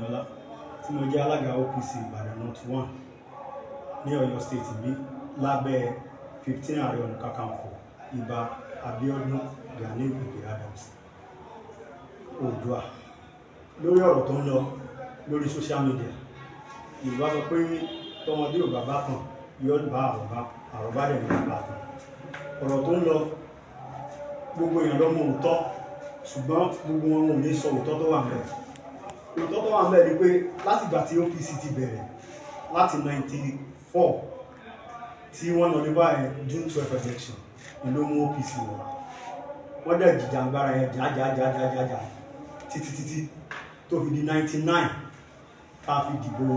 Abíọ́lá tí mo jẹ́ alága OPC Ìbàdàn North One ní Ọ̀yọ́ state bí lábẹ́ fifteen Ààrẹ Ọ̀nà Kakanfò Ìbà Abíọ́dún Gani Ìgbìgbè Adams Oòduà lórí ọ̀rọ̀ tó ń lọ lórí social media Yorùbá sọ pé tọmọdé ò bàbá kan yóò bá àròbá àròbá rẹ̀ ní bàbá kan ọ̀rọ̀ tó ń lọ gbogbo èèyàn lọ́mọ òótọ́ ṣùgbọ́n gbogbo wọn ò ní sọ òótọ́ tó wà mẹ́rin nǹkan tó wà ń bẹ̀ ni pé láti ìgbà tí OPC ti bẹ̀rẹ̀ láti ninety four tí wọ́n lọ ní báyìí June twelve election ló mú OPC wọn wọ́n dẹ̀ jìjàngbara yẹn jàjàjàjàjà títí títí tó fi di ninety tá a fi dìbò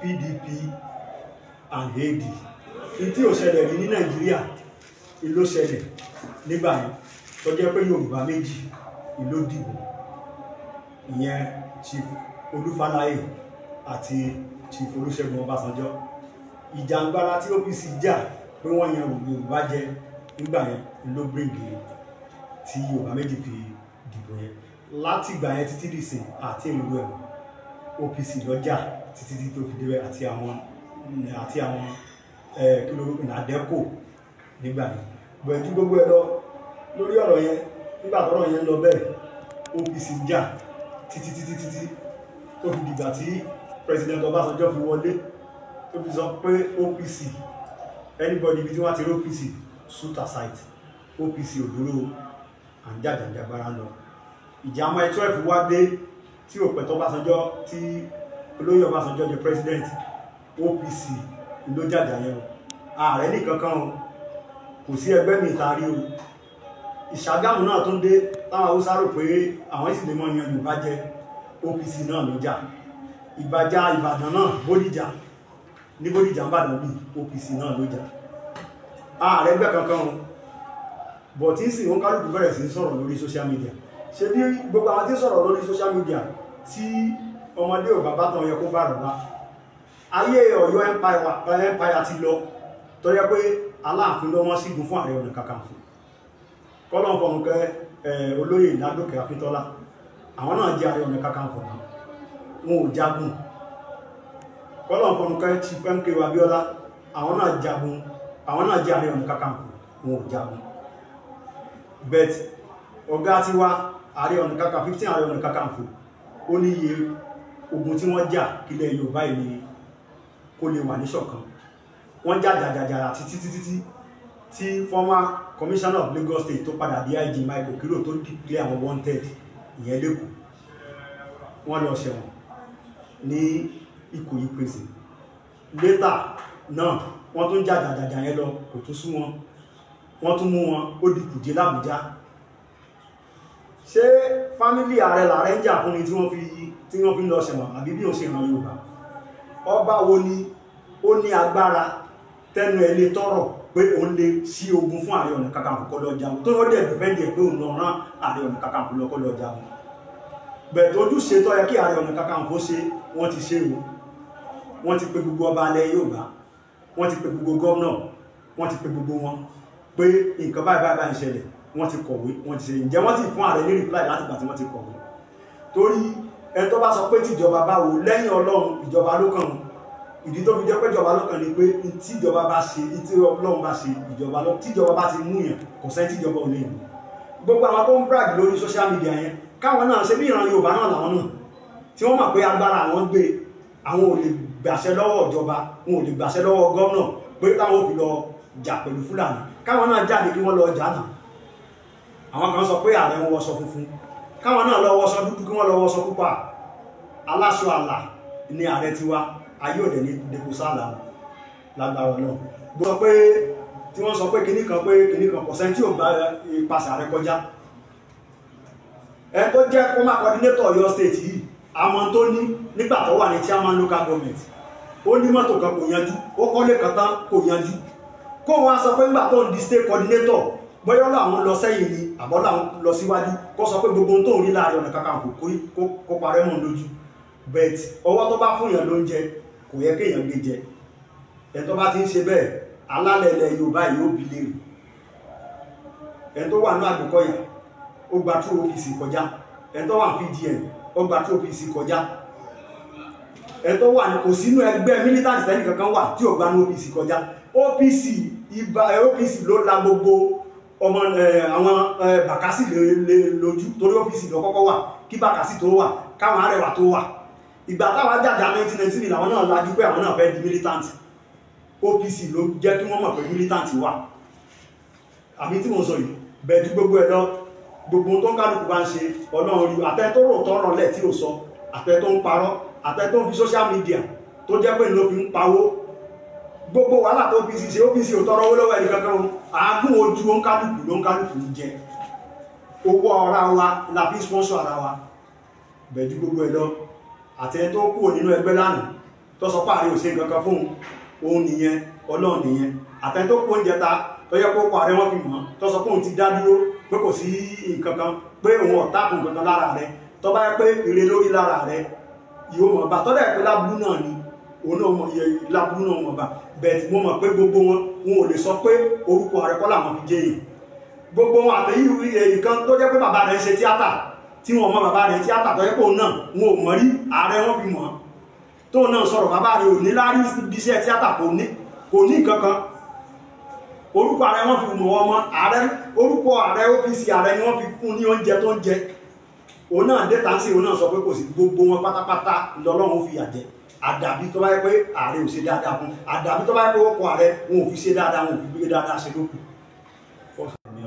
PDP eh, and AD ìtí ò ṣẹlẹ̀ rí ní Nàìjíríà ìló ṣẹlẹ̀ nígbà yẹn tó jẹ́ pé Yorùbá méjì ìló dìbò ìyẹn chief olúfaláyè àti chief olúṣẹ́gun ọbásanjọ́ ìjàngbara tí OPC jà pé wọ́n yan yorùbá jẹ nígbà yẹn ló bíríngì tí yorùbá méjì fi dìbò yẹn látìgbà yẹn títí dìsìn àti ìlú ẹ̀ OPC lọ́jà títí tí tó fi débẹ̀ àti àwọn àti àwọn kí ló nàdẹ́kò nígbà yẹn bẹ̀ẹ́dú gbogbo ẹ lọ lórí ọ̀rọ̀ yẹn nígbà tọ́rọ̀ yẹn lọ bẹ́ẹ̀ OPC jà títí títí títí tó fi dìgbà tí president Ọbásanjọ́ fi wọlé tó fi sọ pé OPC anybody ibi tí wọ́n ti rí OPC shoot aside OPC ò dúró àǹjàjàǹjàgbara lọ ìjà ọmọ ẹtọ́ ẹ̀fọ́ wá dé tí òpẹ́ tó Ọbásanjọ́ tí olóyè Ọbásanjọ́ di president OPC ló jàjà yẹn o ààrẹ nìkankan o kò sí ẹgbẹ́ mi ìta rí o ìṣàgámù náà tó ń dé táwọn haúsá rò pé àwọn sì lè mọ yan yorùbá jẹ OPC náà ló jà ìbàjá ìbàdàn náà bódìjà ní bódìjà ń bàdàn bíi OPC náà ló jà ààrẹ ẹgbẹ́ kankan o bọ̀ tí ń sìn wọn kálukú bẹ̀rẹ̀ sí sọ̀rọ̀ lórí social media ṣe bí gbogbo àwọn tí ń sọ̀rọ̀ lórí social media tí ọmọdé ò bàbá tán yẹ kó bá rọ̀ wá ayé ọ̀yọ́ empire ti lọ tó yẹ pé aláàfin lọ́mọ́ sígun fún ààrẹ ọ̀nà kakanfò kọ́lọ̀ fọ̀nkẹ́ Eh, olóyè ìdádókè akíntọ́lá àwọn náà jẹ́ Ààrẹ Ọ̀nà Kakanfò náà wọn ò jagun kọ́lọ̀ fọnùkọ́ ti MK Abíọ́lá àwọn náà jagun àwọn náà jẹ́ Ààrẹ Ọ̀nà Kakanfò wọn ò jagun bet ọ̀gá tiwa Ààrẹ Ọ̀nà Kakanfò fifteen Ààrẹ Ọ̀nà Kakanfò ó ní iye ogun tí wọ́n jà kílẹ̀ Yorùbá ìlú kó lè wà níṣọ̀kan wọ́n jà jàjàjà títí títí tí fọ́nmá commissioner of Lagos State tó padà di IG Michael Kiro tó declare àwọn wanted ìyẹn lẹ́kọ̀ọ́ wọ́n lọ ṣẹ̀wọ̀n ní Ìkòyí prison later náà wọ́n tún jà jàjàjà yẹn lọ kò tún sú wọn wọ́n tún mú wọn ó di Kùjé làbújá ṣé fámílì ààrẹ làárẹ̀ ń jà fún ni tí wọ́n fi tí wọ́n fi lọ ṣẹ̀wọ̀n àbí bí òun ṣe ràn Yorùbá ọba wo ni ó ní agbára tẹnu ẹ lè tọrọ pé òun lè ṣí ogun fún Ààrẹ Ọ̀nà Kakanfò kọ́ lọ́ọ́ jagun tó wọ́n dẹ̀ dùfẹ́ndì ẹ̀ pé òun lọ rán Ààrẹ Ọ̀nà Kakanfò lọ́kọ́ lọ́ọ́ jagun bẹ̀ẹ̀ tójúṣe tó yẹ kí Ààrẹ Ọ̀nà Kakanfò ṣe wọ́n ti ṣe wọ́n wọ́n ti pe gbogbo ọba alẹ́ Yorùbá wọ́n ti pe gbogbo gómìnà wọ́n ti pe gbogbo wọn pé nǹkan báyìí báyìí báyìí ṣẹlẹ̀ wọ́n ti kọ̀wé wọ́n ti ṣe ǹjẹ́ wọ́n ti fún ààrẹ ní reply láti gbà tí wọ́n ti kọ̀wé torí ẹ tó bá sọ pé tíjọba báwo lẹ́yìn Ọlọ́run ìjọba ló kàn ìdí tó fi jẹ́ pé ìjọba lọ́kàn ni pé tíjọba bá ṣe tí ọlọ́run bá ṣe ìjọba lọ tíjọba bá ti mú yàn kò sẹ́ni tíjọba ò lè mú gbogbo àwọn tó ń brag lórí social media yẹn káwọn náà ṣe bí ìran Yorùbá náà làwọn náà tí wọ́n mọ̀ pé agbára àwọn gbé àwọn ò lè gbàṣẹ lọ́wọ́ ìjọba wọn ò lè gbàṣẹ lọ́wọ́ gómìnà pé káwọn ò fi lọ jà pẹ̀lú Fúlàní káwọn náà jáde kí wọ́n lọ jà náà àwọn kan sọ pé ààrẹ ń wọṣọ funfun káwọn náà lọ wọṣọ dúdú kí wọ́n lọ wọṣọ pupa aláṣọ àlà ni ààrẹ tiwa ayé òde ní dèkò sáàlà lágbára náà bó sọ pé tí wọ́n sọ pé kinní kan pé kinní kan kọ̀sẹ́ tí ò gba ìpasẹ̀ ààrẹ kọjá ẹ tó jẹ́ kó má coordinator Ọ̀yọ́ state yìí àmọ́ tó ní nígbà tó wà ní chairman local government ó ní mọ́tò kan kò yanjú ó kọ́lé kan tán kò yanjú kó wọn sọ pé nígbà tó ń di state coordinator bóyá làwọn lọ sẹ́yìn ni àbọ̀ làwọn lọ síwájú kó sọ pé gbogbo tó ń rí láàrin ọ̀nà kankan kò kó parẹ́ mọ̀ lójú bẹ́ẹ̀ ọwọ́ tó bá fún yàn ló ń jẹ kò yẹ kéèyàn gbé jẹ ẹni tó bá ti ń ṣe bẹ́ẹ̀ alálẹ̀ ilẹ̀ yorùbá yìí ó bi lè rù ẹni tó wà ní àgbẹ̀kọ̀yà ó gba tó OPC kọjá ẹni tó wà ní PDM ó gba tó OPC kọjá ẹni tó wà ní kò sínú ẹgbẹ́ mílítàǹtì tẹ́lẹ̀ kankan wà tí ò gba ní OPC kọjá OPC ibà eh, OPC ló la gbogbo ọmọ eh, àwọn eh, bàkásì lójú torí OPC ló kọ́kọ́ wà kí bàkásì tó wà káwọn arẹwà tó wà ìgbà táwọn jàjà 1993 làwọn náà lajú pé àwọn náà fẹ́ di militant OPC ló jẹ́ kí wọ́n mọ̀ pé militant wà àmì tí mo sọ yìí bẹ̀ẹ́dú gbogbo ẹ̀ lọ gbogbo tó ń kálukú bá ń ṣe ọlọ́run rí àtẹ tó rò tọrọ lẹ̀ tí ò sọ àtẹ tó ń parọ́ àtẹ tó ń fi social media tó jẹ́ pé ló fi ń pawó gbogbo wàhálà tó OPC ṣe OPC ò tọrọ owó lọ́wọ́ ẹni kankan àágùn ojú ó ń kálukú ló ń kálukú jẹ owó ara wa la fi sponsor ara wa àtẹni tó kúrò nínú ẹgbẹ́ lánàá tó sọ páàrí ò ṣe nǹkan kan fóun òun nìyẹn ọlọ́run nìyẹn àtẹni tó kó oúnjẹ ta tó yẹ kó parí wọn fi mọ̀ tó sọ póun ti dá dúró pé kò sí nǹkan kan pé òun ọ̀tá kò nǹkan kan lára rẹ tó bá yẹ pé ire lórí lára rẹ yóò mọ̀ bá tọ́lẹ̀ pé lábúrú náà ni òun náà mọ̀ yẹ lábúrú náà mọ̀ bá bẹ̀ẹ̀tì mo mọ̀ pé gbogbo wọn wọn ò lè sọ pé orúkọ ààrẹ kọ́ làwọn fi jẹyìn gbogbo wọn àtẹ̀yìn ìkan tó jẹ́ pé bàbá rẹ̀ ń ṣe tíátà tí wọ́n mọ bàbá rẹ̀ tí àtàtọ̀ ẹ̀kọ́ náà wọn ò mọ̀ rí ààrẹ wọn fi mọ̀ tó náà sọ̀rọ̀ bàbá rẹ̀ ò ní lárí bíṣẹ́ tíátà kò ní kò ní kankan orúkọ ààrẹ wọn fi mọ̀ wọn mọ́ ààrẹ orúkọ ààrẹ OPC ààrẹ ni wọ́n fi fún ní oúnjẹ tó ń jẹ òun náà dé tàǹsì òun náà sọ pé kò sí gbogbo wọn pátápátá lọ́lọ́run fi yà jẹ àdàbí tó bá yẹ pé ààrẹ ò ṣe dáadáa fún àdàbí tó bá yẹ pé wọ́n kọ ààrẹ wọn ò fi ṣe dáadáa wọn ò fi gbé dáadáa ṣe lókun